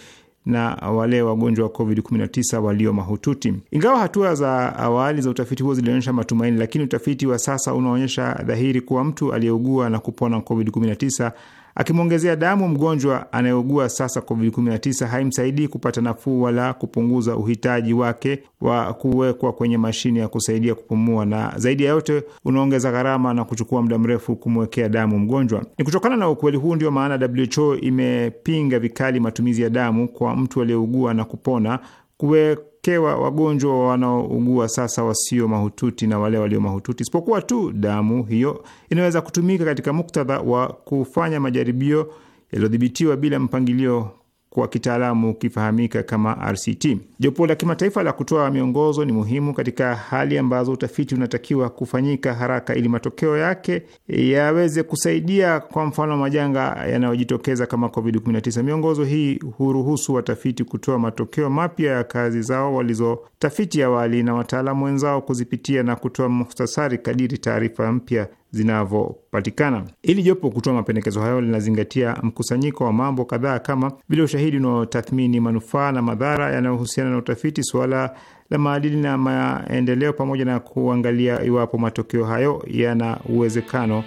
na wale wagonjwa wa COVID-19 walio mahututi. Ingawa hatua za awali za utafiti huo zilionyesha matumaini, lakini utafiti wa sasa unaonyesha dhahiri kuwa mtu aliyeugua na kupona COVID-19 Akimwongezea damu, mgonjwa anayeugua sasa covid-19 haimsaidii kupata nafuu wala kupunguza uhitaji wake wa kuwekwa kwenye mashine ya kusaidia kupumua, na zaidi ya yote unaongeza gharama na kuchukua muda mrefu kumwekea damu mgonjwa. Ni kutokana na ukweli huu ndio maana WHO imepinga vikali matumizi ya damu kwa mtu aliyeugua na kupona kuwe kuwekewa wagonjwa wanaougua sasa wasio mahututi na wale walio mahututi, isipokuwa tu damu hiyo inaweza kutumika katika muktadha wa kufanya majaribio yaliyodhibitiwa bila mpangilio kwa kitaalamu kifahamika kama RCT. Jopo la kimataifa la kutoa miongozo ni muhimu katika hali ambazo utafiti unatakiwa kufanyika haraka ili matokeo yake yaweze kusaidia, kwa mfano majanga yanayojitokeza kama COVID-19. Miongozo hii huruhusu watafiti kutoa matokeo mapya ya kazi zao walizotafiti awali na wataalamu wenzao kuzipitia na kutoa muhtasari kadiri taarifa mpya zinavyopatikana. Ili jopo kutoa mapendekezo hayo linazingatia mkusanyiko wa mambo kadhaa kama vile ushahidi unaotathmini manufaa na madhara yanayohusiana na utafiti, suala la maadili na maendeleo, pamoja na kuangalia iwapo matokeo hayo yana uwezekano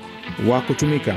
wa kutumika.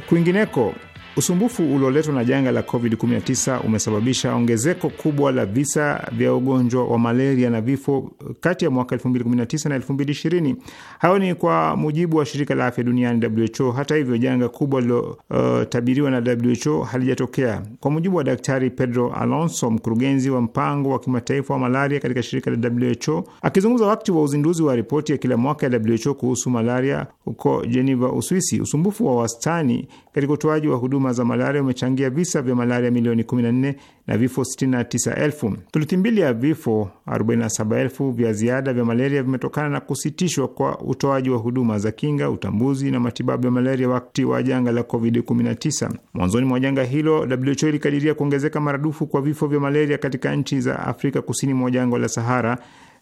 Kwingineko, Usumbufu ulioletwa na janga la COVID-19 umesababisha ongezeko kubwa la visa vya ugonjwa wa malaria na vifo kati ya mwaka 2019 na 2020. Hayo ni kwa mujibu wa shirika la afya duniani WHO. Hata hivyo, janga kubwa lilotabiriwa uh, na WHO halijatokea. Kwa mujibu wa Daktari Pedro Alonso, mkurugenzi wa mpango wa kimataifa wa malaria katika shirika la WHO, akizungumza wakati wa uzinduzi wa ripoti ya kila mwaka ya WHO kuhusu malaria huko Geneva, Uswisi, usumbufu wa wastani katika utoaji wa huduma za malaria umechangia visa vya malaria milioni 14 na vifo 69,000. Thuluthi mbili ya vifo 47,000 vya ziada vya malaria vimetokana na kusitishwa kwa utoaji wa huduma za kinga, utambuzi na matibabu ya malaria wakati wa janga la COVID-19. Mwanzoni mwa janga hilo, WHO ilikadiria kuongezeka maradufu kwa vifo vya malaria katika nchi za Afrika kusini mwa jangwa la Sahara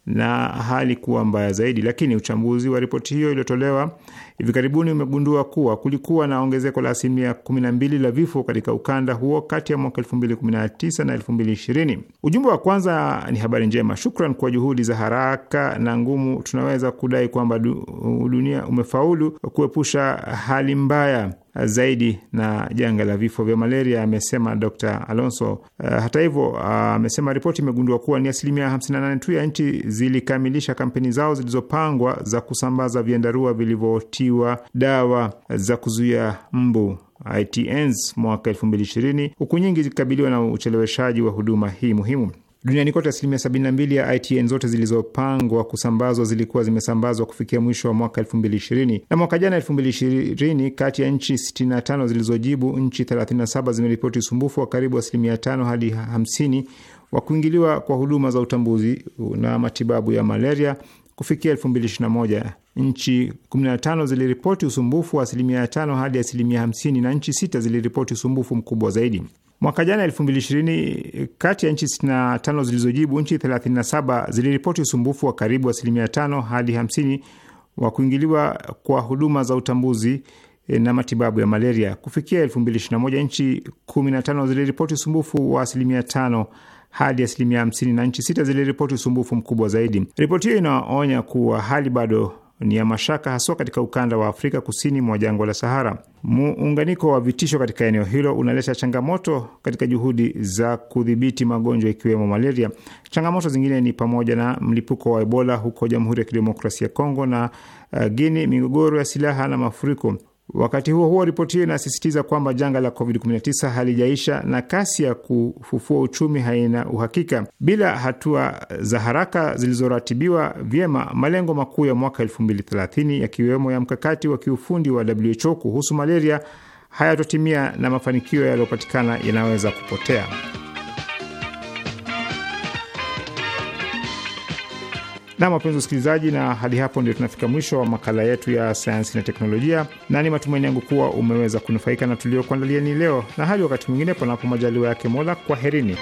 na hali kuwa mbaya zaidi. Lakini uchambuzi wa ripoti hiyo iliyotolewa hivi karibuni umegundua kuwa kulikuwa na ongezeko la asilimia 12 la vifo katika ukanda huo kati ya mwaka 2019 na 2020. Ujumbe wa kwanza ni habari njema. Shukran kwa juhudi za haraka na ngumu, tunaweza kudai kwamba dunia umefaulu kuepusha hali mbaya zaidi na janga la vifo vya malaria, amesema Dr Alonso. Uh, hata hivyo ah, amesema uh, ripoti imegundua kuwa ni asilimia 58 tu ya nchi zilikamilisha kampeni zao zilizopangwa za kusambaza vyandarua vilivyotiwa dawa za kuzuia mbu ITNs mwaka 2020 huku nyingi zikikabiliwa na ucheleweshaji wa huduma hii muhimu. Duniani kote asilimia 72 ya ITN zote zilizopangwa kusambazwa zilikuwa zimesambazwa kufikia mwisho wa mwaka 2020. Na mwaka jana 2020, kati ya nchi 65 zilizojibu, nchi 37 zimeripoti usumbufu wa karibu asilimia 5 hadi 50 wa kuingiliwa kwa huduma za utambuzi na matibabu ya malaria. Kufikia 2021, nchi 15 ziliripoti usumbufu wa asilimia 5 hadi asilimia 50 na nchi sita ziliripoti usumbufu mkubwa zaidi. Mwaka jana 2020, kati ya nchi 65 zilizojibu, nchi 37 ziliripoti usumbufu wa karibu asilimia 5 hadi 50 wa kuingiliwa kwa huduma za utambuzi eh, na matibabu ya malaria. Kufikia 2021, nchi 15 ziliripoti usumbufu wa asilimia 5 hadi asilimia 50 na nchi sita ziliripoti usumbufu mkubwa zaidi. Ripoti hiyo inaonya kuwa hali bado ni ya mashaka, haswa katika ukanda wa Afrika kusini mwa jangwa la Sahara. Muunganiko wa vitisho katika eneo hilo unaleta changamoto katika juhudi za kudhibiti magonjwa ikiwemo malaria. Changamoto zingine ni pamoja na mlipuko wa Ebola huko Jamhuri ya Kidemokrasia ya Kongo na uh, eh, Guini, migogoro ya silaha na mafuriko. Wakati huo huo, ripoti hiyo inasisitiza kwamba janga la COVID-19 halijaisha na kasi ya kufufua uchumi haina uhakika. Bila hatua za haraka zilizoratibiwa vyema, malengo makuu ya mwaka 2030 yakiwemo ya mkakati wa kiufundi wa WHO kuhusu malaria hayatotimia na mafanikio yaliyopatikana yanaweza kupotea. Nam, wapenzi wasikilizaji, na hadi hapo ndio tunafika mwisho wa makala yetu ya sayansi na teknolojia, na ni matumaini yangu kuwa umeweza kunufaika na ni leo, na hadi wakati mwingine, panapo majaliwa yake Mola, kwaherini.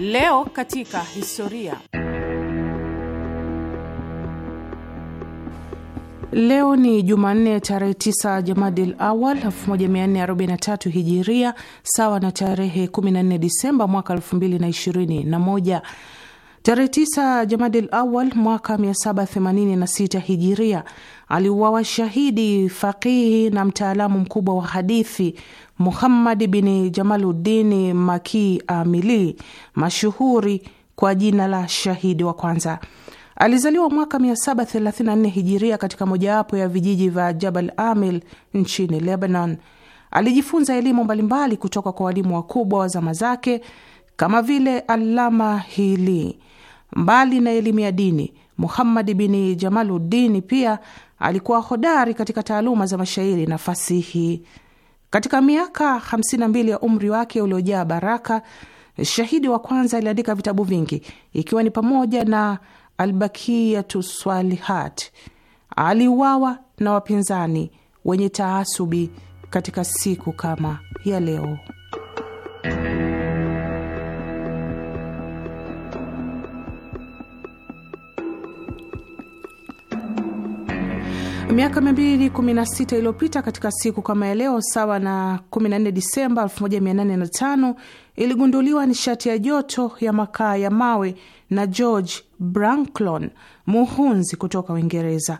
Leo katika historia. Leo ni Jumanne tarehe 9 Jamadil Awal 1443 Hijiria, sawa na tarehe 14 Disemba mwaka 2021. Tarehe 9 Jamadil Awal mwaka 786 Hijiria aliuawa shahidi faqihi na mtaalamu mkubwa wa hadithi Muhammad bin Jamaluddin Maki Amili, mashuhuri kwa jina la Shahidi wa Kwanza. Alizaliwa mwaka 734 Hijiria katika mojawapo ya vijiji vya Jabal Amil nchini Lebanon. Alijifunza elimu mbalimbali kutoka kwa walimu wakubwa wa zama zake kama vile Allama Hili Mbali na elimu ya dini, Muhammad bin Jamaluddin pia alikuwa hodari katika taaluma za mashairi na fasihi. Katika miaka 52 ya umri wake uliojaa baraka, Shahidi wa kwanza aliandika vitabu vingi, ikiwa ni pamoja na Albakiyatu Swalihat. Aliuawa na wapinzani wenye taasubi katika siku kama ya leo. Miaka 216 iliyopita katika siku kama ya leo, sawa na 14 Disemba 1805, iligunduliwa nishati ya joto ya makaa ya mawe na George Branklon, muhunzi kutoka Uingereza.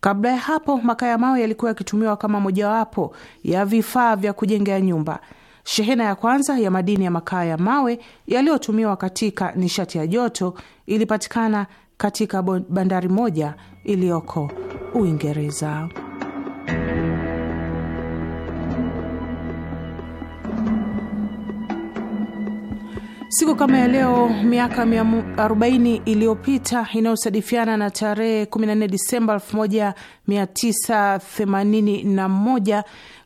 Kabla ya hapo, makaa ya mawe yalikuwa yakitumiwa kama mojawapo ya vifaa vya kujengea nyumba. Shehena ya kwanza ya madini ya makaa ya mawe yaliyotumiwa katika nishati ya joto ilipatikana katika bandari moja iliyoko Uingereza. Siku kama ya leo miaka 40 iliyopita inayosadifiana na tarehe 14 Disemba 1981,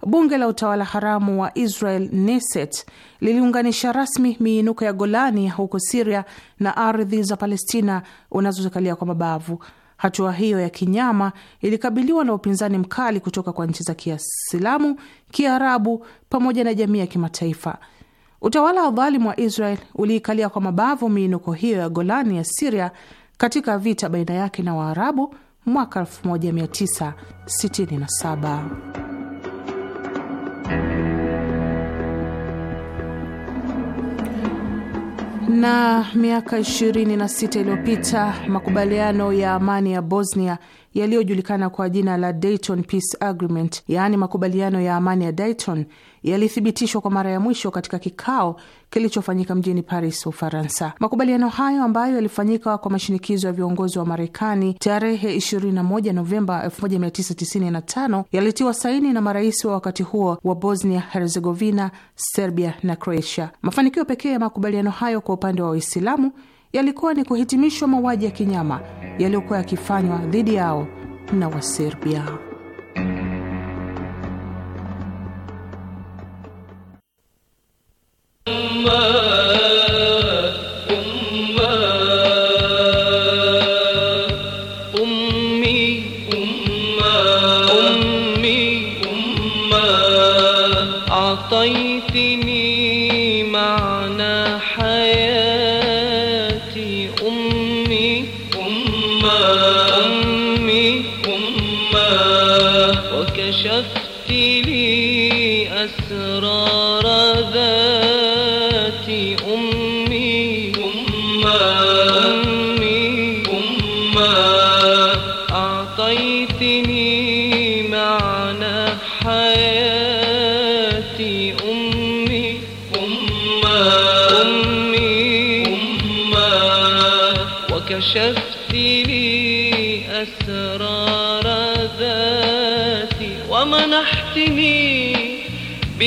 bunge la utawala haramu wa Israel Knesset liliunganisha rasmi miinuko ya Golani huko Siria na ardhi za Palestina unazozikalia kwa mabavu. Hatua hiyo ya kinyama ilikabiliwa na upinzani mkali kutoka kwa nchi za Kiislamu, Kiarabu pamoja na jamii ya kimataifa. Utawala wa dhalimu wa Israel uliikalia kwa mabavu miinuko hiyo ya Golani ya Siria katika vita baina yake na Waarabu mwaka 1967. Na miaka 26 iliyopita makubaliano ya amani ya Bosnia yaliyojulikana kwa jina la Dayton Peace Agreement, yaani makubaliano ya amani ya Dayton yalithibitishwa kwa mara ya mwisho katika kikao kilichofanyika mjini Paris, Ufaransa. Makubaliano hayo ambayo yalifanyika kwa mashinikizo ya viongozi wa Marekani tarehe 21 Novemba 1995 yalitiwa saini na marais wa wakati huo wa Bosnia Herzegovina, Serbia na Croatia. Mafanikio pekee ya makubaliano hayo kwa upande wa Waislamu yalikuwa ni kuhitimishwa mauaji ya kinyama yaliyokuwa yakifanywa dhidi yao na Waserbia.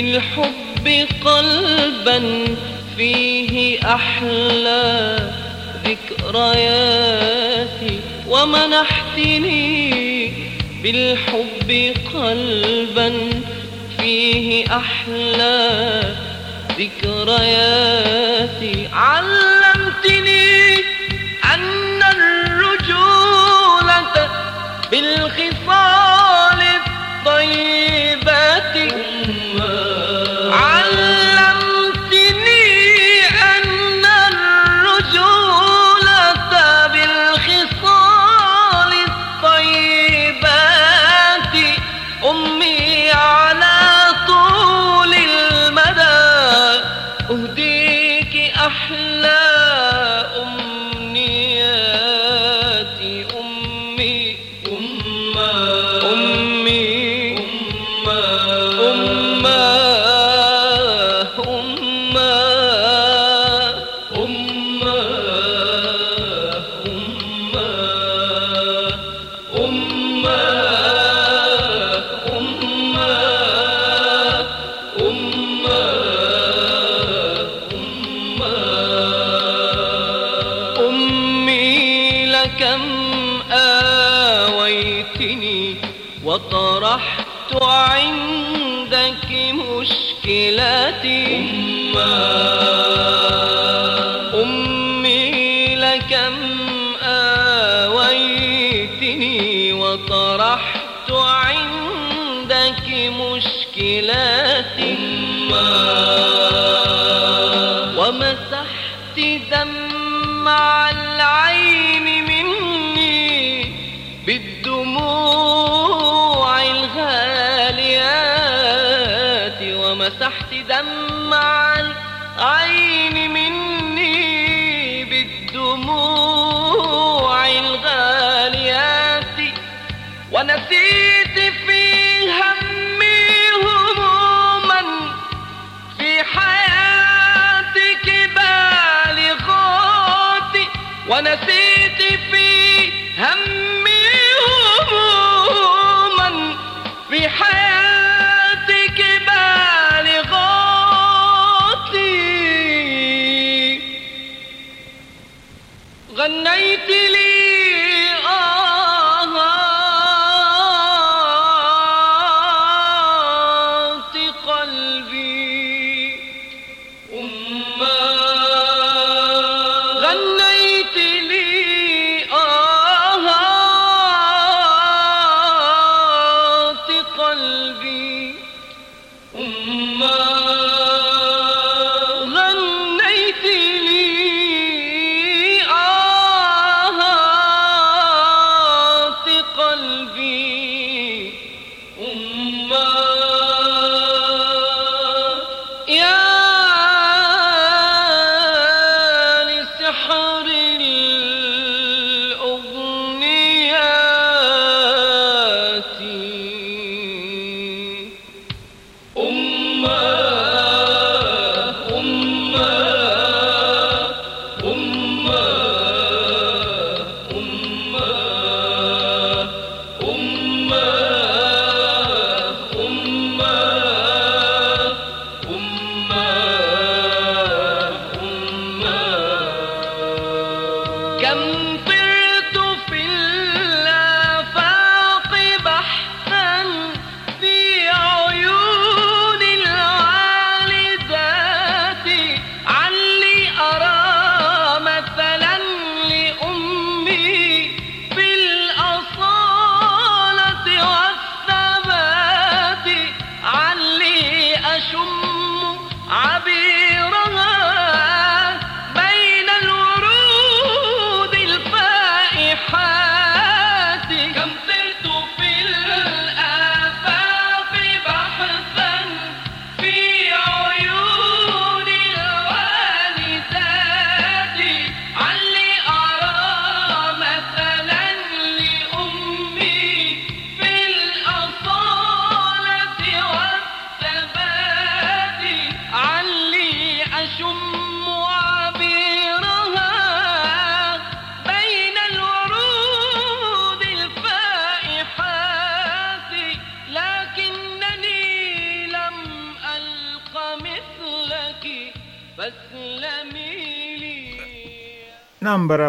للحب قلبا فيه أحلى ذكرياتي ومنحتني بالحب قلبا فيه أحلى ذكرياتي أهدي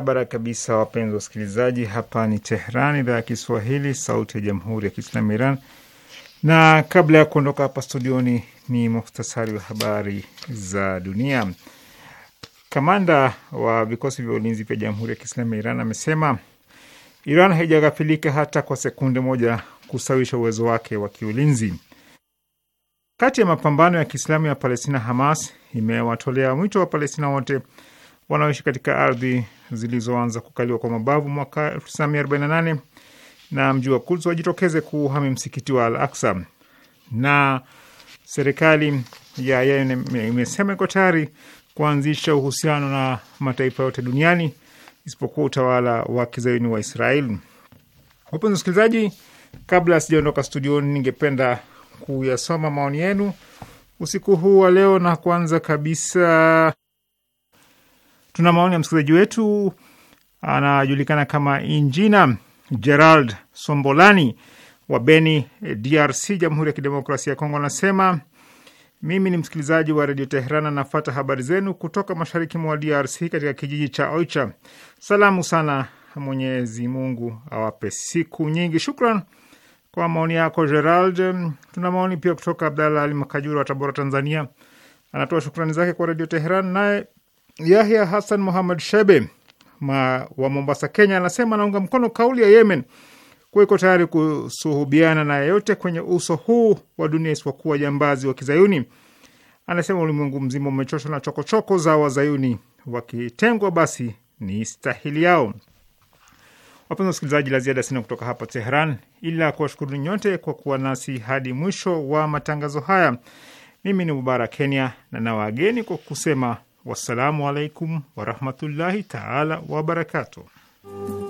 barabara kabisa, wapenzi wasikilizaji. Hapa ni Tehran, idhaa ya Kiswahili, sauti ya jamhuri ya kiislamu Iran. Na kabla ya kuondoka hapa studioni, ni muhtasari wa habari za dunia. Kamanda wa vikosi vya ulinzi vya jamhuri ya kiislamu ya Iran amesema Iran haijaghafilika hata kwa sekunde moja kusawisha uwezo wake wa kiulinzi. Kati ya mapambano ya kiislamu ya Palestina, Hamas imewatolea mwito wa Palestina wote wanaoishi katika ardhi zilizoanza kukaliwa kwa mabavu mwaka 1948 na mji wa Quds wajitokeze kuhami msikiti wa Al Aksa. Na serikali ya Yemen imesema iko tayari kuanzisha uhusiano na mataifa yote duniani isipokuwa utawala wa kizayuni wa Israeli. Wapenzi wasikilizaji, kabla sijaondoka studioni, ningependa kuyasoma maoni yenu usiku huu wa leo, na kwanza kabisa Tuna maoni ya msikilizaji wetu anajulikana kama Injina Gerald Sombolani wa Beni, DRC, Jamhuri ya Kidemokrasia ya Kongo, anasema mimi ni msikilizaji wa redio Teheran, anafata habari zenu kutoka mashariki mwa DRC katika kijiji cha Oicha. Salamu sana, Mwenyezi Mungu awape siku nyingi. Shukran kwa maoni yako Gerald. Tuna maoni pia kutoka Abdalla Ali Makajura wa Tabora, Tanzania, anatoa shukrani zake kwa redio Teheran. Naye Yahya Hassan Muhammad Shebe ma, wa Mombasa, Kenya, anasema anaunga mkono kauli ya Yemen kuwa iko tayari kusuhubiana na yeyote kwenye uso huu wa dunia isipokuwa jambazi wa Kizayuni. Anasema ulimwengu mzima umechoshwa na chokochoko za Wazayuni, wakitengwa basi ni stahili yao. Wapenzi wasikilizaji, la ziada sina kutoka hapa Tehran ila kuwashukuru nyote kwa kuwa nasi hadi mwisho wa matangazo haya. Mimi ni Mubarak Kenya na nawaageni kwa kusema Wassalamu alaikum warahmatullahi taala wabarakatuh.